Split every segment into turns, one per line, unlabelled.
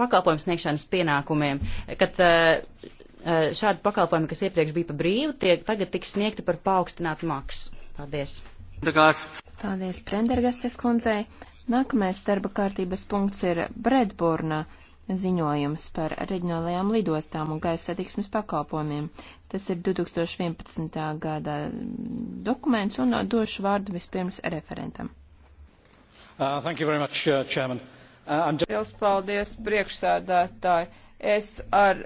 pakalpojumu sniegšanas pienākumiem, kad eh, eh, šādi pakalpojumi, kas iepriekš bija pa brīvu, tiek tagad tiks sniegti par paaugstinātu maksu. Paldies! Degāsts. Paldies, Prendergastes kundzei!
Nākamais darba kārtības punkts ir Bredburna ziņojums par reģionālajām lidostām un gaisa satiksmes pakalpojumiem. Tas ir 2011. gada mm, dokuments un došu vārdu vispirms referentam.
Uh, thank you very much, uh, Chairman. Uh, Uh, Liels paldies,
priekšsēdētāji. Es ar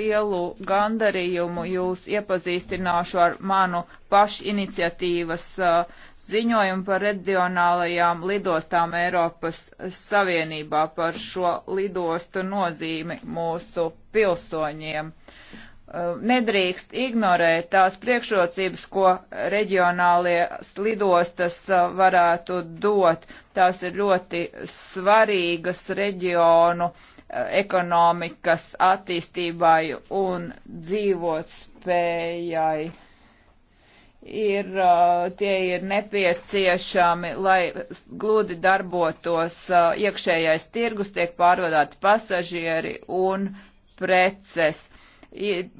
lielu gandarījumu jūs iepazīstināšu ar manu pašiniciatīvas uh, ziņojumu par reģionālajām lidostām Eiropas Savienībā par šo lidostu nozīmi mūsu pilsoņiem. Uh, Uh, nedrīkst ignorēt tās priekšrocības, ko reģionālajās lidostas uh, varētu dot. Tās ir ļoti svarīgas reģionu uh, ekonomikas attīstībai un dzīvot spējai. Ir, tie ir nepieciešami, lai gludi darbotos iekšējais tirgus, tiek pārvadāti pasažieri un preces. Uh,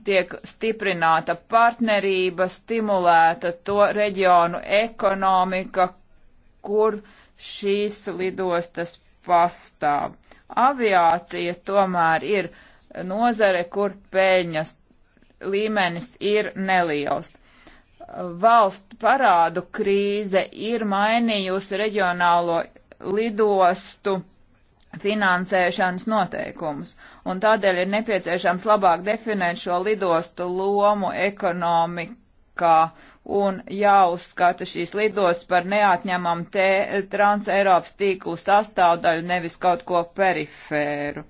tiek stiprināta partnerība, stimulēta to reģionu ekonomika, kur šīs lidostas pastāv. Aviācija tomēr ir nozare, kur peļņas līmenis ir neliels. Valstu parādu krīze ir mainījusi reģionālo lidostu finansēšanas noteikumus, un tādēļ ir nepieciešams labāk definēt šo lidostu lomu ekonomikā un jāuzskata šīs lidostas par neatņemamu transeiropas tīklu sastāvdaļu, nevis kaut ko perifēru.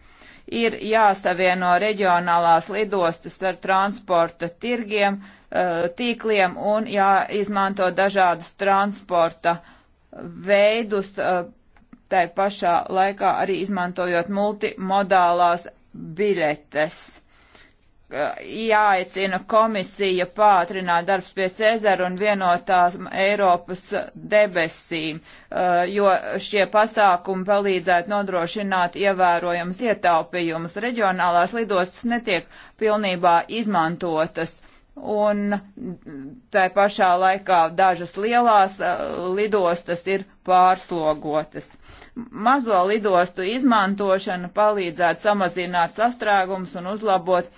Ir jāsavieno reģionālās lidostas ar transporta tirgiem, eh, tīkliem un jāizmanto dažādas transporta veidus eh, tai pašā laikā arī izmantojot multimodālās biļetes. Jāicina komisija pātrināt darbs pie Cezara un vienotās Eiropas debesīm, jo šie pasākumi palīdzētu nodrošināt ievērojams ietaupījumus. Reģionālās lidostas netiek pilnībā izmantotas un tai pašā laikā dažas lielās uh, lidostas ir pārslogotas. Mazo lidostu izmantošana palīdzētu samazināt sastrēgumus un uzlabot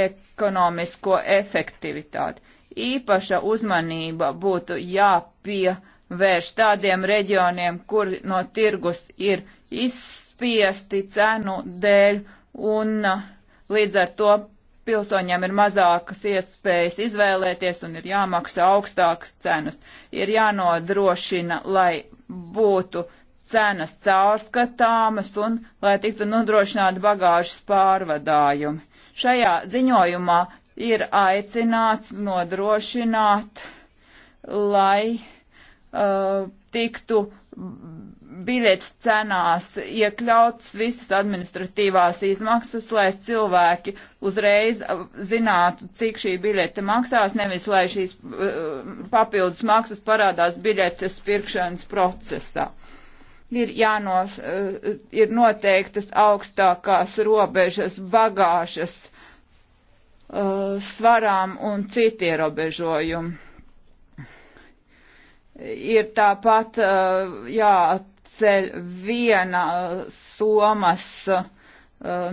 ekonomisko efektivitāti. Īpaša uzmanība būtu jāpievērš tādiem reģioniem, kur no tirgus ir izspiesti cenu dēļ un uh, līdz ar to pilsoņiem ir mazākas iespējas izvēlēties un ir jāmaksā augstākas cenas. Ir jānodrošina, lai būtu cenas caurskatāmas un lai tiktu nodrošināti bagāžas pārvadājumi. Šajā ziņojumā ir aicināts nodrošināt, lai uh, tiktu biļetes cenās iekļauts visas administratīvās izmaksas, lai cilvēki uzreiz zinātu, cik šī biļete maksās, nevis lai šīs uh, papildus maksas parādās biļetes pirkšanas procesā. Ir jānos, uh, ir noteiktas augstākās robežas bagāžas uh, svarām un citi ierobežojumi ir tāpat jāat jāceļ viena uh, somas uh,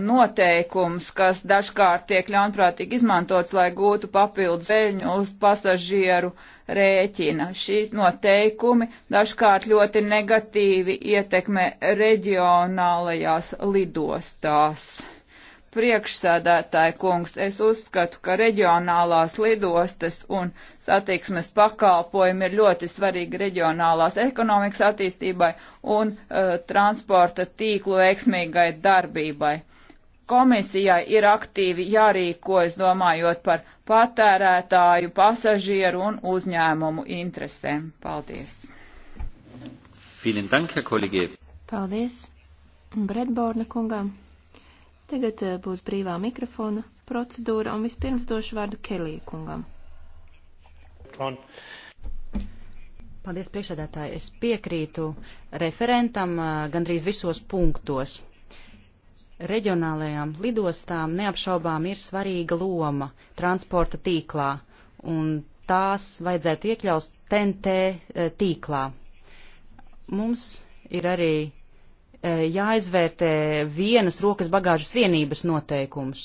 noteikums, kas dažkārt tiek ļaunprātīgi izmantots, lai gūtu papildus peļņu uz pasažieru rēķina. Šīs noteikumi dažkārt ļoti negatīvi ietekmē reģionālajās lidostās. Priekšsēdētāji kungs, es uzskatu, ka reģionālās lidostas un satiksmes pakalpojumi ir ļoti svarīgi reģionālās ekonomikas attīstībai un uh, transporta tīklu veiksmīgai darbībai. Komisijai ir aktīvi jārīkojas domājot par patērētāju, pasažieru un uzņēmumu interesēm. Paldies! Vielen Dank, Herr Kollege!
Paldies! Bredborna kungam! Tagad eh, būs brīvā mikrofona procedūra, un vispirms došu vārdu Kelija kungam. Tron.
Paldies, priekšsēdētāji. Es piekrītu referentam eh, gandrīz visos punktos. Reģionālajām lidostām neapšaubām ir svarīga loma transporta tīklā, un tās vajadzētu iekļaust TNT eh, tīklā. Mums ir arī jāizvērtē vienas rokas bagāžas vienības noteikums.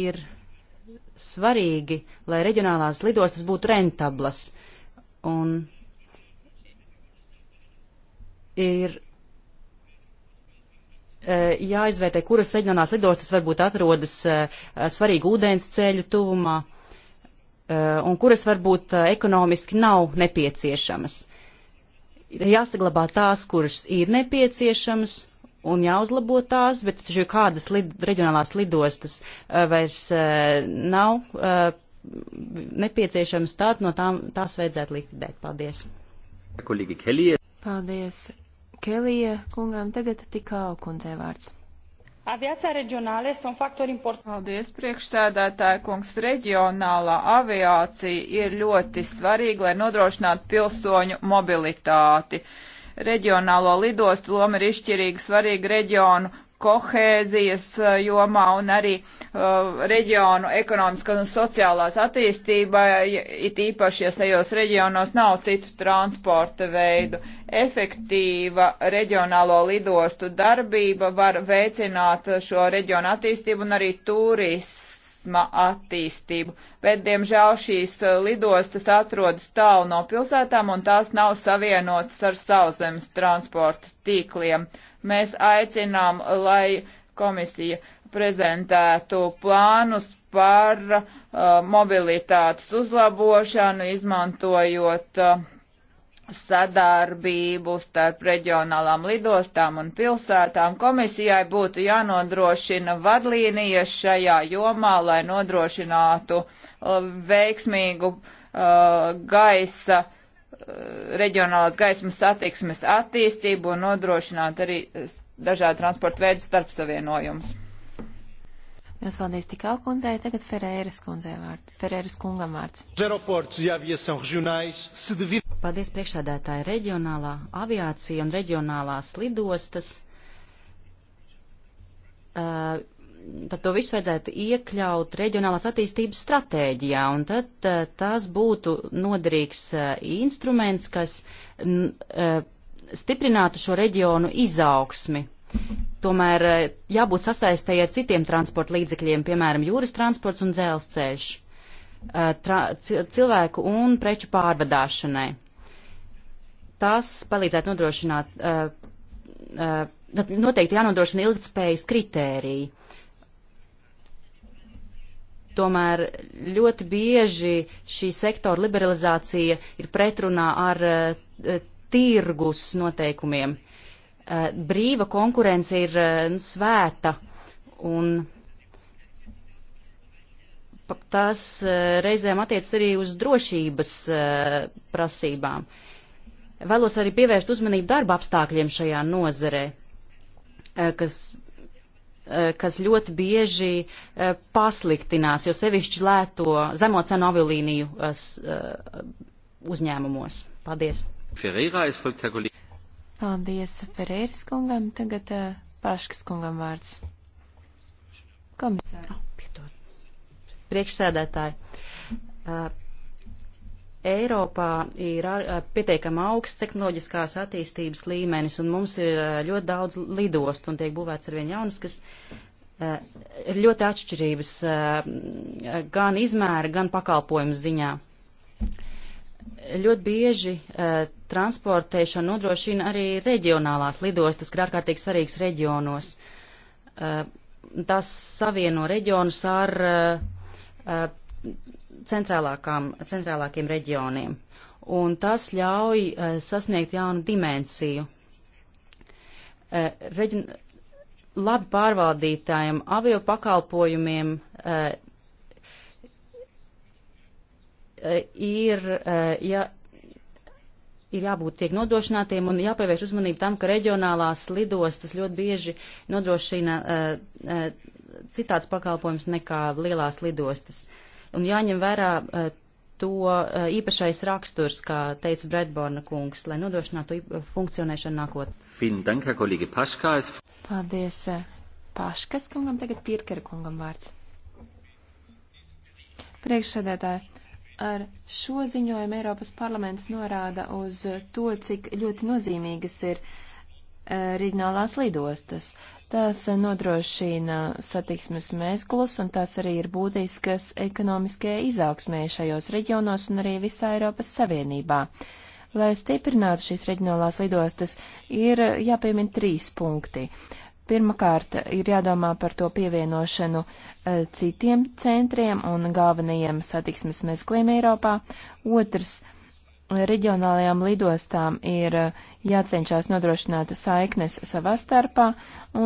Ir svarīgi, lai reģionālās lidostas būtu rentablas un ir e, jāizvērtē, kuras reģionālās lidostas varbūt atrodas e, svarīgu ūdens ceļu tuvumā e, un kuras varbūt ekonomiski nav nepieciešamas ir jāsaglabā tās, kuras ir nepieciešamas un jāuzlabo tās, bet taču kādas lid, reģionālās lidostas eh, vairs eh, nav eh, nepieciešamas, tad no tām tās vajadzētu likvidēt. Paldies!
Kolīgi Kelija.
Paldies! Kelija kungām tagad tikā
kundzei vārds.
Aviācija reģionālais un faktori importanti. Paldies, priekšsēdētāja
kungs. Reģionālā aviācija ir ļoti svarīga, lai nodrošinātu pilsoņu mobilitāti. Reģionālo lidostu loma ir izšķirīga svarīga reģionu kohēzijas uh, jomā un arī uh, reģionu ekonomiskās un sociālās attīstībā, it īpaši, ja tajos reģionos nav citu transporta veidu. Efektīva reģionālo lidostu darbība var veicināt šo reģionu attīstību un arī turisma attīstību. Bet, diemžēl, šīs uh, lidostas atrodas tālu no pilsētām un tās nav savienotas ar sauszemes transporta tīkliem. Uh, Mēs aicinām, lai komisija prezentētu plānus par uh, mobilitātes uzlabošanu, izmantojot uh, sadarbību starp reģionālām lidostām un pilsētām. Komisijai būtu jānodrošina vadlīnijas šajā jomā, lai nodrošinātu uh, veiksmīgu uh, gaisa uh, Eh, reģionālās gaismas satiksmes attīstību un nodrošināt arī eh, dažādu transporta veidu starpsavienojumus.
Jūs paldies tikā kundzei, tagad
Ferēras kundzei vārds. Ferēras kungam vārds. E paldies priekšsādātāji reģionālā aviācija un reģionālās lidostas. Uh, tad to visu vajadzētu iekļaut reģionālās attīstības stratēģijā, un tad eh, tas būtu noderīgs eh, instruments, kas eh, stiprinātu šo reģionu izaugsmi. Tomēr jābūt sasaistēji ar citiem transporta līdzekļiem, piemēram, jūras transports un dzelzceļš, tra cilvēku un preču pārvadāšanai. Tas palīdzētu nodrošināt, noteikti jānodrošina ilgtspējas kritēriji Tomēr ļoti bieži šī sektora liberalizācija ir pretrunā ar eh, tirgus noteikumiem. Eh, brīva konkurence ir eh, nu, svēta un tas reizēm attiecas arī uz drošības prasībām. Vēlos arī pievērst uzmanību darba apstākļiem šajā nozerē, kas Eh, kas ļoti bieži eh, pasliktinās, jo sevišķi lēto zemo cenu aviolīniju eh, uzņēmumos. Paldies! Ferreira, Paldies Ferreiras kungam, tagad Paškas kungam vārds. Komisāri. Oh, ah, Priekšsēdētāji. Uh, Eiropā ir pietiekami augsts tehnoloģiskās attīstības līmenis, un mums ir ļoti daudz lidostu un tiek būvēts arvien jaunas, kas ir ļoti atšķirības gan izmēra, gan pakalpojumu ziņā. Ļoti bieži transportēšanu nodrošina arī reģionālās lidostas, kas ir ārkārtīgi svarīgs reģionos. Tas savieno reģionus ar centrālākiem reģioniem. Un tas ļauj uh, sasniegt jaunu dimensiju. Uh, eh, reģion, labi pārvaldītājiem avio pakalpojumiem uh, ir, uh, ja, ir jābūt tiek nodrošinātiem un jāpievērš uzmanību tam, ka reģionālās lidostas ļoti bieži nodrošina uh, uh, citāds pakalpojums nekā lielās lidostas. Uh, un jāņem vērā eh, to eh, īpašais raksturs, kā teica Bredborna kungs, lai nodrošinātu eh, funkcionēšanu
nākotnē.
Paldies Paškas kungam, tagad Pirkera kungam vārds.
Priekšsēdētāji, ar šo ziņojumu Eiropas parlaments norāda uz to, cik ļoti nozīmīgas ir uh, reģionālās lidostas. Tās eh, nodrošina satiksmes mēsklus, un tās arī ir būtiskas ekonomiskajai izaugsmē šajos reģionos un arī visā Eiropas Savienībā. Lai stiprinātu šīs reģionālās lidostas, ir eh, jāpiemin trīs punkti. Pirmkārt, ir jādomā par to pievienošanu e, citiem centriem un galvenajiem satiksmes mezgliem Eiropā. Otrs, reģionālajām lidostām ir uh, jācenšas nodrošināt saiknes savā starpā,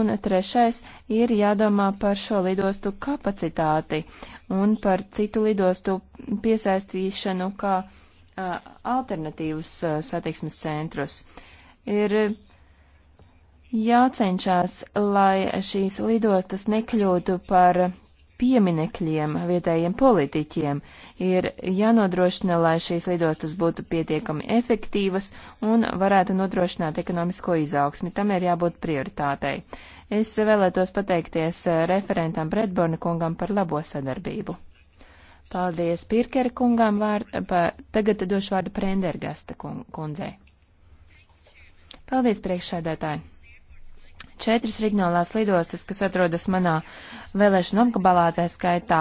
un trešais ir jādomā par šo lidostu kapacitāti un par citu lidostu piesaistīšanu kā a, uh, alternatīvus a, uh, satiksmes centrus. Ir jācenšas, lai šīs lidostas nekļūtu par pieminekļiem, vietējiem politiķiem. Ir jānodrošina, lai šīs lidostas būtu pietiekami efektīvas un varētu nodrošināt ekonomisko izaugsmi. Tam ir jābūt prioritātei. Es vēlētos pateikties eh, referentam Bredborna kungam par labo sadarbību. Paldies Pirkera kungām, vār, pa, tagad došu vārdu Prendergasta kundzei. Paldies priekšsēdētāji! četras reģionālās lidostas, kas atrodas manā vēlēšana apgabalā, tā skaitā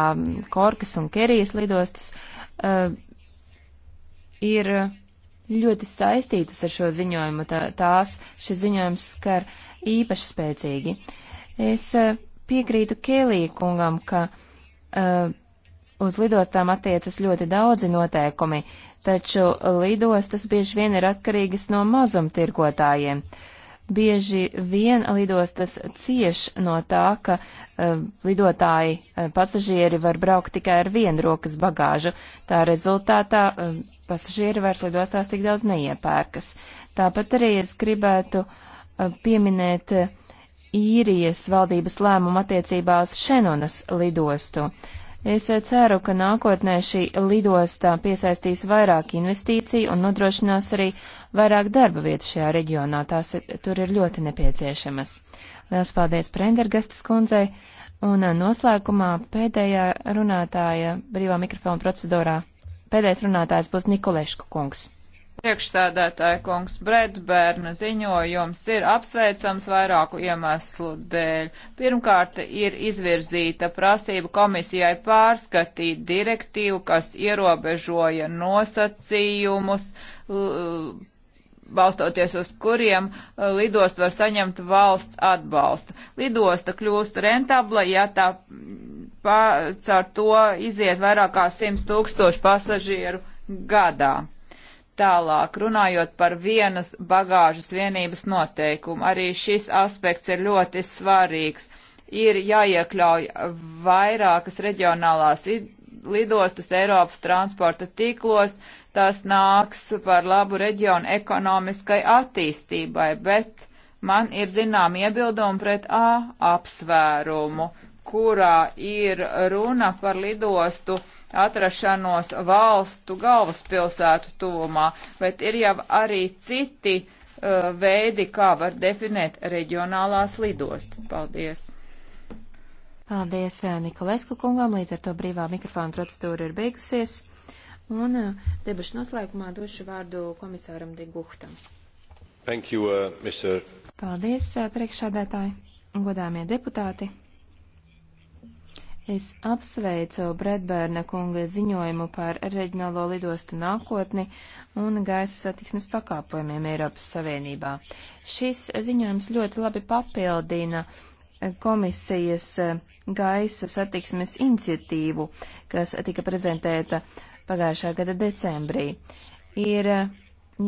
Korkas un Kerijas lidostas, uh, ir ļoti saistītas ar šo ziņojumu. Tā, tās šis ziņojums skar īpaši spēcīgi. Es uh, piekrītu Kēlī kungam, ka uh, uz lidostām attiecas ļoti daudzi noteikumi, taču lidostas bieži vien ir atkarīgas no mazumtirgotājiem. Uh, Bieži vien lidostas cieš no tā, ka uh, lidotāji uh, pasažieri var braukt tikai ar vienu rokas bagāžu. Tā rezultātā uh, pasažieri vairs lidostās tik daudz neiepērkas. Tāpat arī es gribētu uh, pieminēt uh, īrijas valdības lēmumu attiecībā uz Šenonas lidostu. Es ceru, ka nākotnē šī lidostā piesaistīs vairāk investīciju un nodrošinās arī vairāk darba vietu šajā reģionā, tās ir, tur ir ļoti nepieciešamas. Lielas paldies Prendergastas kundzei, un eh, noslēgumā pēdējā runātāja brīvā mikrofona procedūrā. Pēdējais runātājs būs Nikolešku kungs.
Priekšsēdētāja kungs Bredbērna ziņojums ir apsveicams vairāku iemeslu dēļ. Pirmkārt, ir izvirzīta prasība komisijai pārskatīt direktīvu, kas ierobežoja nosacījumus balstoties uz kuriem uh, lidost var saņemt valsts atbalstu. Lidosta kļūst rentabla, ja tā mm, pa, caur to iziet vairāk kā 100 tūkstoši pasažieru gadā. Tālāk, runājot par vienas bagāžas vienības noteikumu, arī šis aspekts ir ļoti svarīgs. Ir jāiekļauj vairākas reģionālās lidostas Eiropas transporta tīklos, uh, tas nāks par labu reģionu ekonomiskai attīstībai, bet man ir zinām iebildumi pret A apsvērumu, kurā ir runa par lidostu atrašanos valstu galvaspilsētu tuvumā, bet ir jau arī citi uh, veidi, kā var definēt reģionālās lidostas. Paldies!
Paldies uh, Nikolēsku kungam, līdz ar to brīvā mikrofona procedūra ir beigusies. Un uh, debašu noslēgumā došu vārdu komisāram Deguhtam. Thank you, uh, Mr. Paldies, uh, priekšsādētāji, godāmie deputāti. Es apsveicu Bredbērna kunga ziņojumu par reģionālo lidostu nākotni un gaisa satiksmes pakāpojumiem Eiropas Savienībā. Šis ziņojums ļoti labi papildina komisijas uh, gaisa satiksmes iniciatīvu, kas tika prezentēta pagājušā gada decembrī. Ir eh,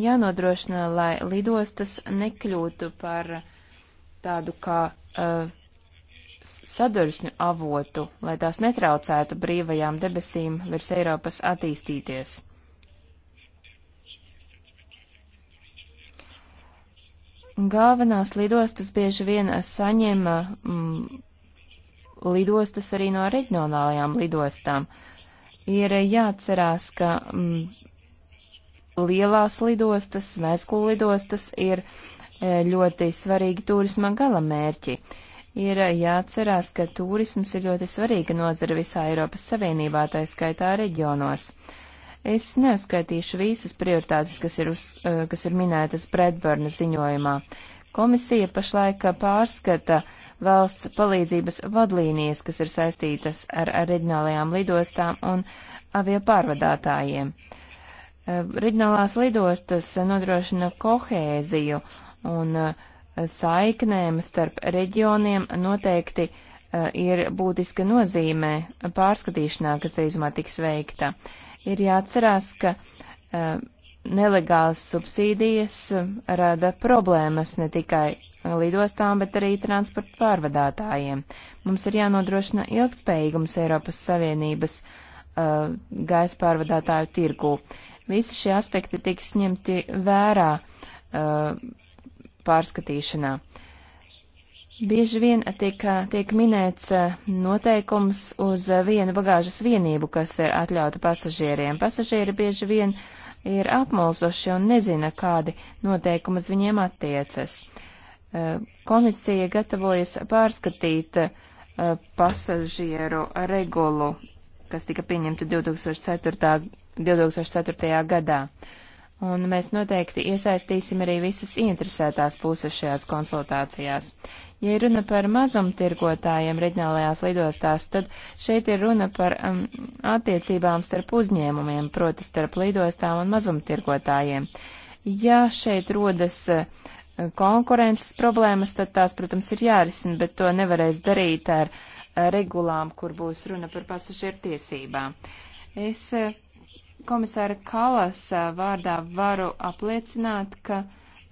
jānodrošina, lai lidostas nekļūtu par tādu kā uh, eh, sadursmju avotu, lai tās netraucētu brīvajām debesīm virs Eiropas attīstīties. Galvenās lidostas bieži vien eh, saņem mm, lidostas arī no reģionālajām lidostām. Uh, ir jāatcerās, ka mm, lielās lidostas, mēsklu lidostas ir e, ļoti svarīgi turisma galamērķi. Ir jāatcerās, ka turisms ir ļoti svarīga nozara visā Eiropas Savienībā, tā skaitā reģionos. Es neuzskaitīšu visas prioritātes, kas ir, uz, e, kas ir minētas Bredburna ziņojumā. Komisija pašlaik pārskata uh, valsts palīdzības vadlīnijas, kas ir saistītas ar, ar reģionālajām lidostām un avio pārvadātājiem. Eh, reģionālās lidostas nodrošina kohēziju un eh, saiknēm starp reģioniem noteikti eh, ir būtiska nozīme pārskatīšanā, kas drīzumā tiks veikta. Ir jāatcerās, ka nelegālas subsīdijas rada problēmas ne tikai lidostām, bet arī transporta pārvadātājiem. Mums ir jānodrošina ilgspējīgums Eiropas Savienības uh, gaisa pārvadātāju tirgū. Visi šie aspekti tiks ņemti vērā uh, pārskatīšanā. Bieži vien tiek, tiek minēts uh, noteikums uz vienu bagāžas vienību, kas ir atļauta pasažieriem. Pasažieri bieži vien uh, ir apmulsuši un nezina, kādi noteikumi uz viņiem attiecas. Eh, komisija gatavojas pārskatīt eh, pasažieru regulu, kas tika pieņemta 2004. 2004. gadā. Un mēs noteikti iesaistīsim arī visas interesētās puses šajās konsultācijās. Uh, Ja runa par mazumtirgotājiem reģionālajās lidostās, tad šeit ir runa par um, attiecībām starp uzņēmumiem, proti starp lidostām un mazumtirgotājiem. Ja šeit rodas uh, konkurences problēmas, tad tās, protams, ir jārisina, bet to nevarēs darīt ar uh, regulām, kur būs runa par pasažieru tiesībām. Es uh, komisāra Kalasa vārdā varu apliecināt, ka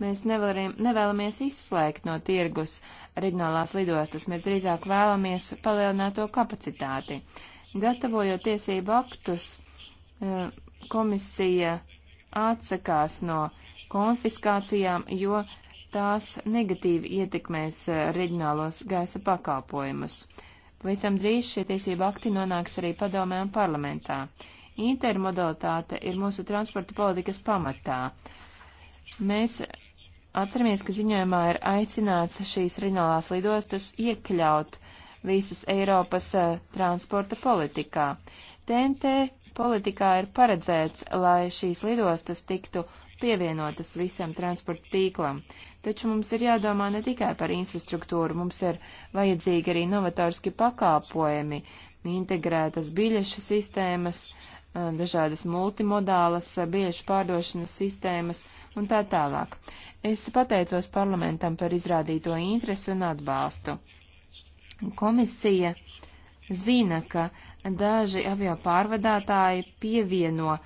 mēs nevaram, nevēlamies izslēgt no tirgus uh, reģionālās lidostas. Mēs drīzāk vēlamies palielināt to kapacitāti. Gatavojot tiesību aktus, eh, komisija atsakās no konfiskācijām, jo tās negatīvi ietekmēs eh, reģionālos gaisa pakalpojumus. Pavisam drīz šie tiesību akti nonāks arī padomē un parlamentā. Intermodalitāte ir mūsu transporta politikas pamatā. Mēs Atceramies, ka ziņojumā ir aicināts šīs reģionālās lidostas iekļaut visas Eiropas uh, transporta politikā. TNT politikā ir paredzēts, lai šīs lidostas tiktu pievienotas visam transporta tīklam. Taču mums ir jādomā ne tikai par infrastruktūru, mums ir vajadzīgi arī novatorski pakāpojumi, integrētas biļešu sistēmas, uh, dažādas multimodālas, biežu pārdošanas sistēmas un tā tālāk. Es pateicos parlamentam par izrādīto interesi un atbalstu. Komisija zina, ka daži avio pārvadātāji pievieno e,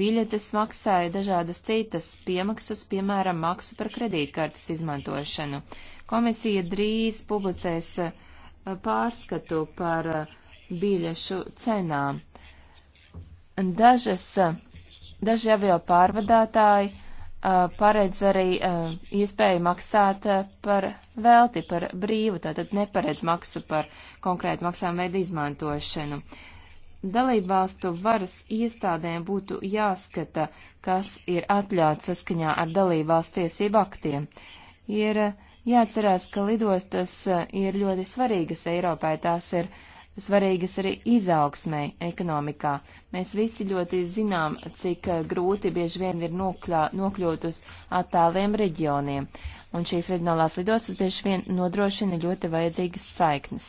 biļetes maksāja dažādas citas piemaksas, piemēram, maksu par kredītkartes izmantošanu. Komisija drīz publicēs e, pārskatu par e, biļešu cenām. Dažas, daži avio pārvadātāji paredz arī iespēju maksāt par velti, par brīvu, tātad neparedz maksu par konkrētu maksām veidu izmantošanu. Dalībvalstu varas iestādēm būtu jāskata, kas ir atļauts saskaņā ar dalībvalstu tiesību aktiem. Ir jāatcerās, ka lidostas ir ļoti svarīgas Eiropai, tās ir uh, svarīgas arī izaugsmai ekonomikā. Mēs visi ļoti zinām, cik eh, grūti bieži vien ir nokļā, nokļūt uz attāliem reģioniem, un šīs reģionālās lidostas bieži vien nodrošina ļoti vajadzīgas saiknes.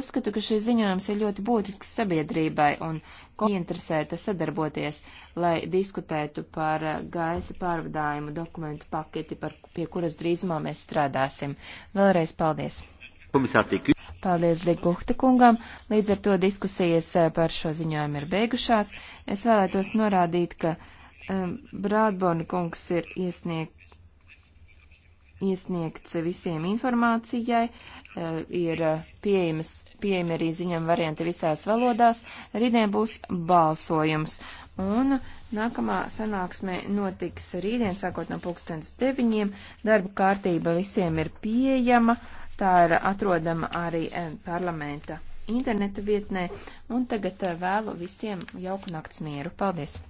Uzskatu, ka šis ziņojums ir ļoti būtisks sabiedrībai un interesēta sadarboties, lai diskutētu par eh, gaisa pārvadājumu dokumentu paketi, par, pie kuras drīzumā mēs strādāsim. Vēlreiz paldies!
Paldies
Ligūhta kungam. Līdz ar to diskusijas eh, par šo ziņojumu ir beigušās. Es vēlētos norādīt, ka um, ehm, Brādbona kungs ir iesniegt iesniegts visiem informācijai, eh, ir eh, pieejamas, pieejami arī ziņam varianti visās valodās, rītdien būs balsojums. Un nākamā sanāksme notiks rītdien, sākot no pulkstens deviņiem, darba kārtība visiem ir pieejama. Tā ir atrodama arī eh, parlamenta interneta vietnē. Un tagad eh, vēlu visiem jauku nakts mieru. Paldies!